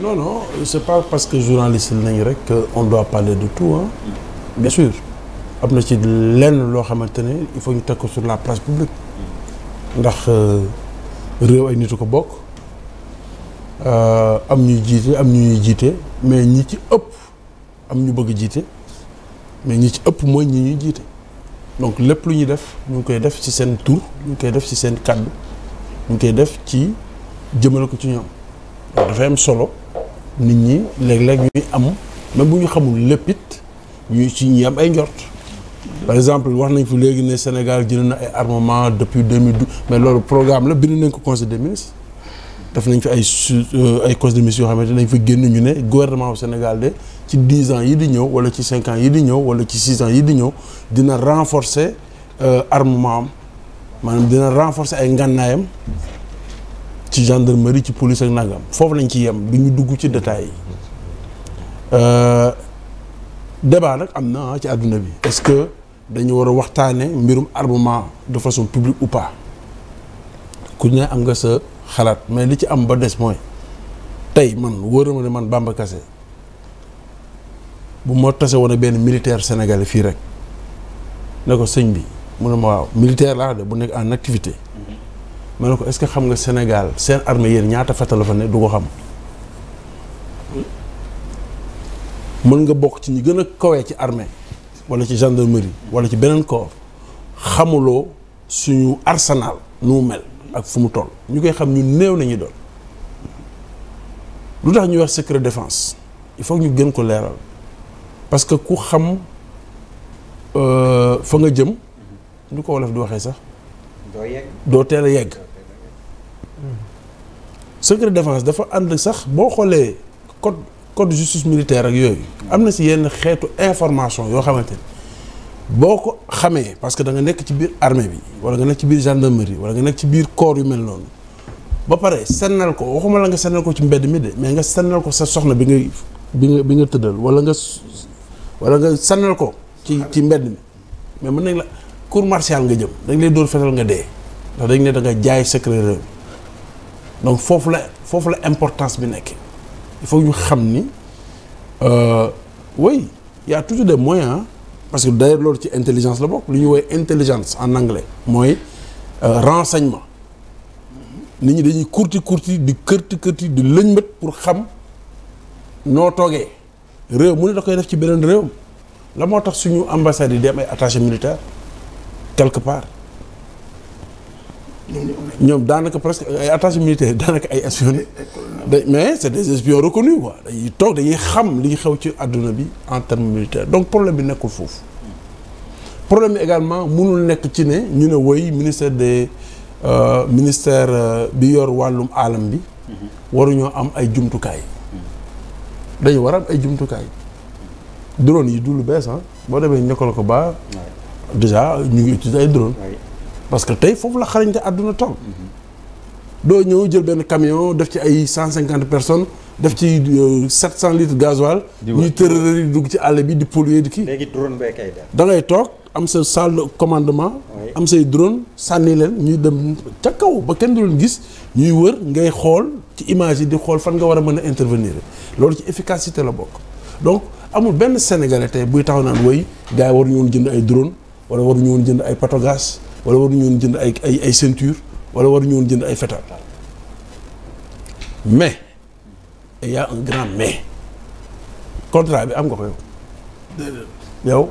Non, non, c'est pas parce que journaliste nañu rek qu'on doit parler de tout hein. Bien sûr am ci lenn loo xamante il faut ñu teg sur la place publique ndax euh, réew ay nitu ko bokk euh, am ñuy jité am ñuy jité mais ñi ci ëpp am ñu bëgg jité mais ñi ci ëpp moy ñi ñuy jité donc lepp lu ñuy def ñu koy def ci sen tour ñu koy def ci sen cadre ñu koy def ci jëmale ko ci ñom dafay am solo nit ñi leg leg ñuy am même bu ñu xamul lépp it ci ñi am ay njort par exemple wax nañ fi léegi né Sénégal jënd na ay armement depuis 2012 mais lolu programme la bindu nañ ko conseil des ministres daf nañ fi ay euh, ay cause de mission yoo xamante ne dañ fa génn ñu né gouvernement bu Sénégal de ci 10 ans yi di ñëw wala ci 5 ans yi di ñëw wala ci 6 ans yi di ñëw dina renforcer euh, armement manam dina renforcer ay ngannaayam ci gendarmerie ci police ak nangam foofu lañu ci yem du ñu dugg ci détails yi euh, débat nag am na ah ci àdduna bi est-ce que dañu war a waxtaane mbirum armement de façon publique ou pas ku ne am nga sa xalaat mais li ci am ba des mooy tey man wóor ma ne man Bamba Kassé bu moo tase woon benn militaire sénégalais fii rek ne ko sëñ bi mu waaw militaire laa de bu nekk en activité ma ne ko est-ce que xam nga Sénégal seen armée yéen ñaata fetal la ne du ko xam mën nga bokk ci ñi gën a kawee ci armée wala ci gendarmerie wala ci beneen corps xamuloo suñu arsenal nu mu mel ak fu mu toll ñu koy xam ñu néew nañu doon lu tax ñuy wax secret défense il faut ñu gën ko leeral parce que ku xam euh, fa nga jëm ñu ko wolof di waxee sax doo teel a yegg secret défense dafa ànd sax boo xoolee code code justice militaire ak yooyu. am na si yenn xeetu information yoo xamante ni boo ko xamee parce que danga nekk ci biir armée bi wala nga nekk ci biir gendarmerie wala nga nekk ci biir corps yu mel noonu. ba pare sennal ko waxuma la nga sennal ko ci mbedd mi de mais nga sennal ko sa soxna bi nga bi nga bi nga tëddal wala nga wala nga sennal ko ci ci mbedd mi mais mën nañ la cour martiale nga jëm dañ lay dóor fetal nga dee ndax dañ da nga jaay secret donc il faut l'importance il faut que vous oui il y a toujours des moyens hein, parce que d'ailleurs c'est intelligence la bas lu intelligence en anglais euh, renseignement Nous ñi dañuy courti, courti, di pour xam mu ne militaire quelque part ñoom daanaka presque ay attaché militaire daanaka ay espion mais c'est des espions reconnus quoi dañuy toog dañuy xam li xew ci àdduna bi en terme militaire donc problème bi nekkul foofu problème bi également mënul nekk ci ne ñu ne woy ministère des euh, ministère euh, bi yor wàllum aalam bi waruñoo am ay jumtukaay dañu war am ay jumtukaay drone yi du lu bees ah boo demee ñokkal ko baa déjà ñu ngi utiliser ay drone parce que tey foofu la xarañte àdduna toll. doo ñëw jël benn camion def ci ay cent cinquante personnes def ci euh, sept cent litres gasoil. ñuy tërërër yi dugg ci àll bi di polluer di kii. léegi drone bee kay def. da toog am sa salle de commandement. am say drone sànni leen ñuy dem ca kaw ba kenn du leen gis ñuy wër ngay xool ci image yi di xool fan nga war a mën a intervenir loolu ci efficacité la bokk donc amul benn sénégalais buy taxaw naan woy gars yi waruñu woon jënd ay drone wala waruñu woon jënd ay patogas. wala waruñu ñu jënd ay ay ay ceinture wala waruñu ñu jënd ay fetal mais il y a un grand mais contrat bi am nga ko yow. yow.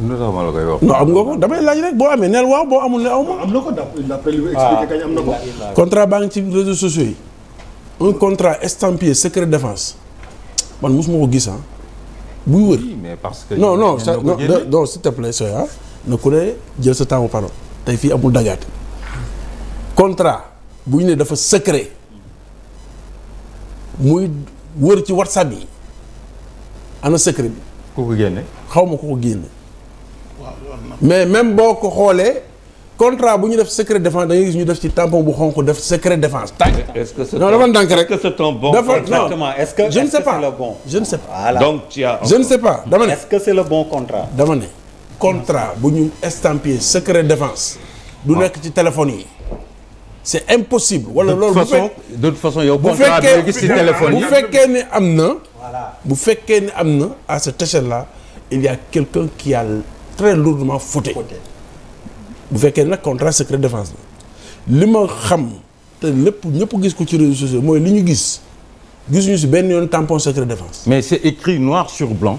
non sax ma la koy wax. non am nga ko damay laaj rek boo amee neel waaw boo amul ne aw ma. am na ko d'après li mu expliqué kañ am na ko. Ah, contrat baa ngi ci réseaux sociaux yi. un contrat estampillé secret défense man mosuma ko gis ah. bu wër. mais parce que. non non non s'il te plaît Soya na ku ne jël sa temps parole Tay fi amul dagaté. contrat buñ né dafa secret muy wër ci whatsapp yi ana secret bi. ku ko génne. xaw ma mais même boko xolé contrat buñ def secret défense da ngay gis ñu def ci tampon bu xonq def secret défense. tag est-ce que c'est non dafa ndànk rek. est-ce que c'est un bon contrat exactement est-ce que je ne sais pas je ne sais pas. donc tu as je ne sais pas dama ne. est-ce que c'est le bon contrat dama ne contrat pour nous estampillé secret défense. du n'avons ci téléphone yi. c'est impossible. wala de toute façon il y a un gis téléphone yi bu fekkee ne am à cette échelle là il y a quelqu'un qui a très lourdement fouté. Vous faites qu'un contrat secret défense ce li ma xam te lépp ñëpp gis ko ci réseaux tampon secret défense. mais c'est écrit noir sur blanc.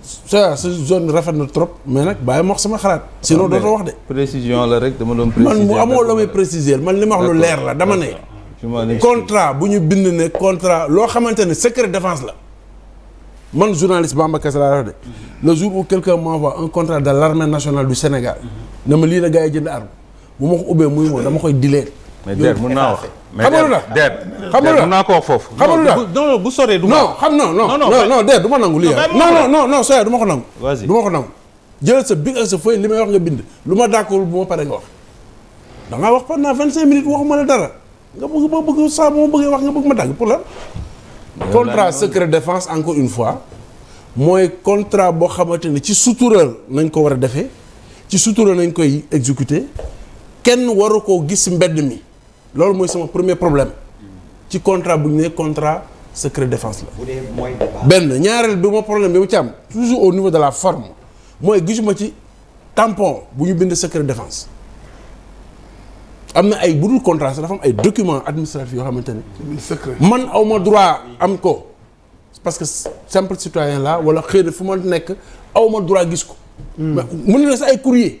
sa sa zone rafet na trop mais nag bàyyi ma wax sama xalaat. sinon ah, dootoo wax de. précision la rek dama doon préciser. man mu amoo la may préciser man li ma wax lu leer la dama ne. contrat bu ñu bind ne contrat loo xamante ne secret défense la. man journaliste Bamba Kassé laa wax de. Mhm. le jour où quelqu'un m'envoie un contrat de l'armée nationale du Sénégal. na ma lii la gars yi jënd arme bu ma ko ubbee muy moo dama koy dilee. mais der mun naa wax xamalu la der xamalu la mun naa ko wax foofu. xamalu la bu soree du ma. non xam non non non non der du ma nangu lii non ah. ma ko nangu. vas-y du ko nangu. jëlal sa bic sa feuille li may wax nga bind lu ma d'accord bu ma paree nga wax da ngaa wax pendant vingt cinq minutes waxuma la dara nga bëgg ma bëgg saa bu ma bëggee wax nga bëgg ma dagg pour la contrat secret défense encore une fois mooy contrat boo xamante ne ci sutural nañ ko war a defee ci sutural nañ koy exécuter kenn waru koo gis mbedd mi loolu mooy sama premier problème ci contrat bu contrat secret défense Ben, benn ñaareel bi ma problème bi mu toujours au niveau de la forme mooy gisuma ci tampon bu ñu bind secret défense. am na ay budul contrat sax dafa am ay documents administratifs yoo xamante Secret. man aw ma droit am ko. parce que simple citoyen la wala xëy na fu ma nekk aw ma droit gis ko. Hmm. mais mën na sa ay courrier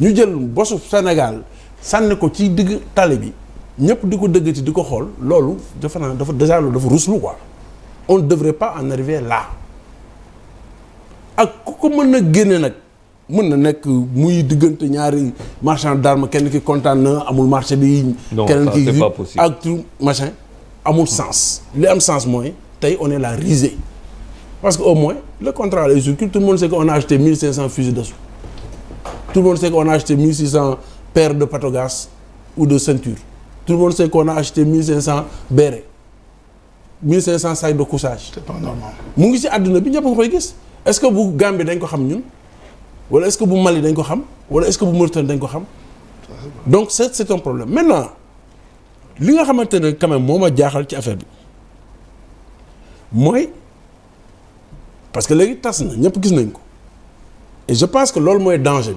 ñu jël au Sénégal sànni ko ci digg le bi ñëpp di ko dëgg ci di ko xool loolu dafa dafa déjà loolu quoi on ne devrait pas en arriver là ak ku ko mën na muy diggante ñaari marchand d'arme kenn ki amul marché bi. sens. li sens on est la risée parce que au moins le contrat est tout le monde sait qu'on a acheté 1500 fusils d'assaut tout le monde sait qu'on a acheté 1600 paires de patogas ou de ceintures. Tout le monde sait qu'on a acheté 1500 bérets. 1500 sacs de couchage. C'est pas normal. est-ce que vous, Gambé, dañ ko xam Ou est-ce que vous, Mali dañ ko xam Ou est-ce que vous, Mauritanie dañ ko xam. donc c'est un problème maintenant ce que vous savez, quand même moi, je jaaxal ci affaire bi parce que léegi il na a gis nañ ko et je pense que l'homme est dangereux.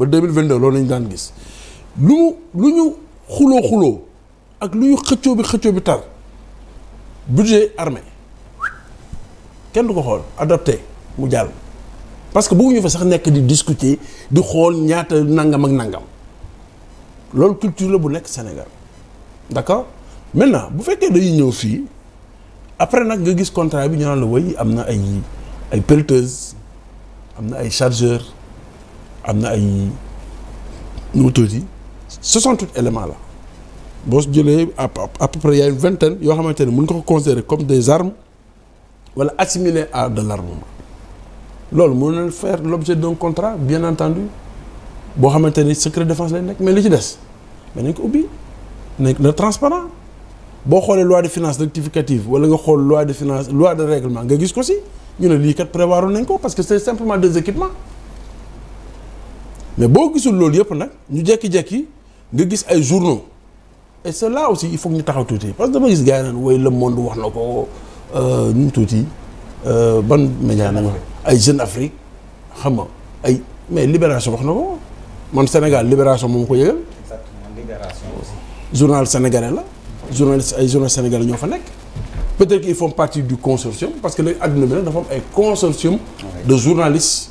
En 2022 ce lañu daan gis lu lu budget armé. quest adopté parce que si nous sax faisons discuter di voir nangam ak nangam culture la bu Sénégal d'accord maintenant vous vous faites ñëw après on gis contrat vous ñu naan la chargeurs am na ay ce sont tous soixante-huit éléments la boo jëlee à peu près y a une vingtaine il y a ko considérer comme des armes wala assimilées à de l'armement loolu on fait faire l'objet d'un contrat bien entendu boo xamante ni secret défense lay nekk mais li ci mais nañ ko nest nañ na transparent boo xoolee loi de finances rectificative wala nga xool loi de finances loi de règlement nga gis ko il ñu ne lii kat prévoir nañ parce que c'est simplement des équipements mais boo gisul loolu yëpp nag ñu jekki-jekki nga gis ay journaux et cela aussi il faut que ñu taxaw parce que dama gis gars yi naan le monde wax na ko ñu euh, mu tuuti euh, ban média na nga ay Jeune Afrique xam ay mais Libération wax na man Sénégal Libération moom ko exactement Libération aussi. journal sénégalais la. journaliste ay journal sénégalais ñoo fa peut-être qu'ils font partie du consortium parce que léegi adduna bi nag ay consortium de journalistes.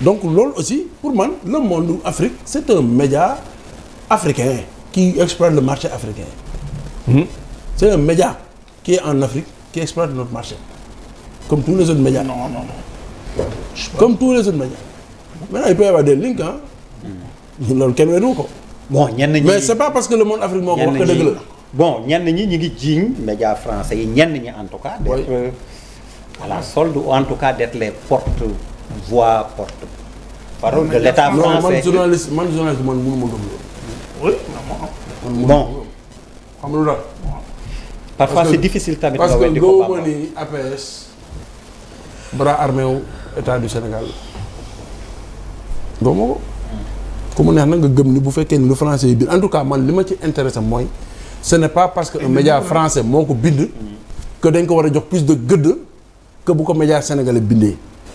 donc l'eau aussi pour moi le monde Afrique c'est un média africain qui exploite le marché africain hmm. c'est un média qui est en Afrique qui exploite notre marché comme tous les autres médias non non non comme tous les autres médias maintenant il peut y avoir des links Mais ce n'est bon mais c'est pas parce que le monde africain est que bon ñenn ñi ñu média français il ñenn ñi en tout cas d'être à la solde ou en tout cas d'être les portes voix porte-parole de l'État français. man journaliste man journaliste man mënuma gëm loolu. oui hein. bon. xam nga lu parfois c'est difficile tamit. parce que gëmuma APS. bras armé au état du Sénégal la. comme ko. ku mu neex na nga gëm bu fekkee ni lu français yi en tout cas man ce qui ci intéressé ce n'est pas parce que un média français moo ko que dañ ko a jox plus de gëdd. que beaucoup de média sénégalais bindee.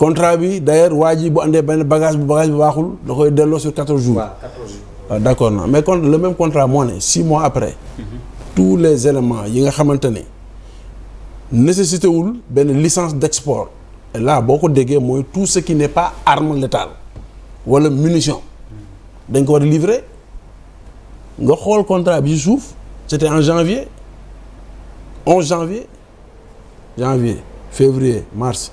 contrat bi d'ailleurs waji bu andé ben bagage bu bagage bu baaxul da koy sur 14 jours. Ah, d'accord mais quand le même contrat moné 6 mois après. Mhm. tous les éléments yi nga xamante nécessité wul ben licence d'export. et là boko de moy tout ce qui n'est pas arme létale wala munition mhm. dañ ko wara livrer nga contrat bi c'était en janvier 11 janvier janvier février mars.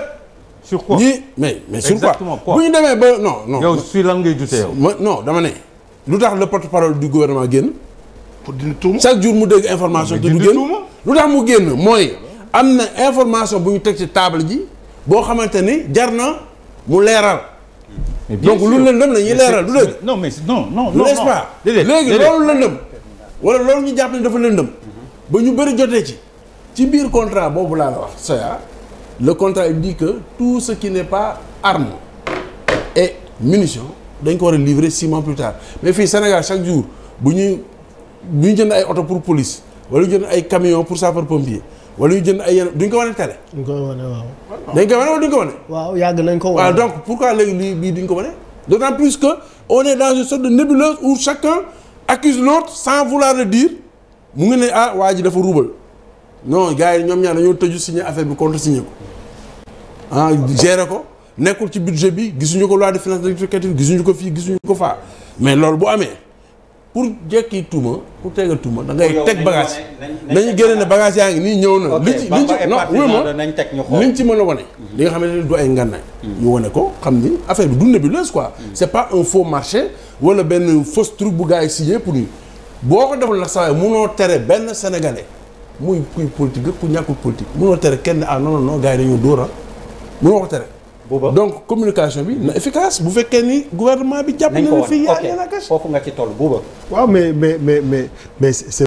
sur quoi mais mais sur quoi bu non non. non le porte-parole du gouvernement pour chaque jour nous dégg information. Nous du information Nous ci table ji Nous donc lu la non mais non non non n'est-ce pas. nous Nous contrat la le contrat dit que tout ce qui n'est pas arme et munitions dañ ko war livrer six mois plus tard mais fii Sénégal chaque jour bu ñuy bu ñu jënd ay oto pour police wala ñu jënd ay camion pour sapeur pompier wala ñu jënd ay yenn duñ ko wane télé. duñ ko wane waaw. dañ ko wane wala duñ ko wane. waaw yàgg nañ ko wane. waaw donc pourquoi léegi lii bii duñ ko wane d'autant plus que on est dans une sorte de nébuleuse où chacun accuse l'autre sans vouloir le dire mu ngi ne ah waa ji dafa ruubal non gars yi ñoom ñaar dañoo tëju affaire bi contre signé ko ah gérer ko nekkul ci budget bi gisuñu ko loi de finances rectificative gisuñu ko fii gisuñu ko fa mais lool bu amé pour jekki tuuma pour tégal tuuma da ngay teg bagage nañu gëné ne bagage yaangi ni ñëw na li ci liñ ñu xol liñ ci mëna woné mm-hmm. li nga xamné du ay ngànnaay ñu woné ko xamni affaire bi dund bi lees quoi mm-hmm. c'est pas un faux marché wala ben fausse truc bu gaay signé pour ñu boko deful nak sama mëno téré ben sénégalais muy kuy politique ku ñàkkul politique mëno téré kenn ah non non non gars yi dañoo ah donc communication bi efficace vous Le gouvernement bi. le na la question. mais mais mais mais c'est